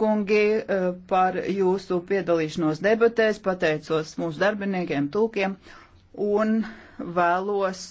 kungi, e, par jūsu piedalīšanos debatēs, pateicos mūsu darbiniekiem, tūkiem un vēlos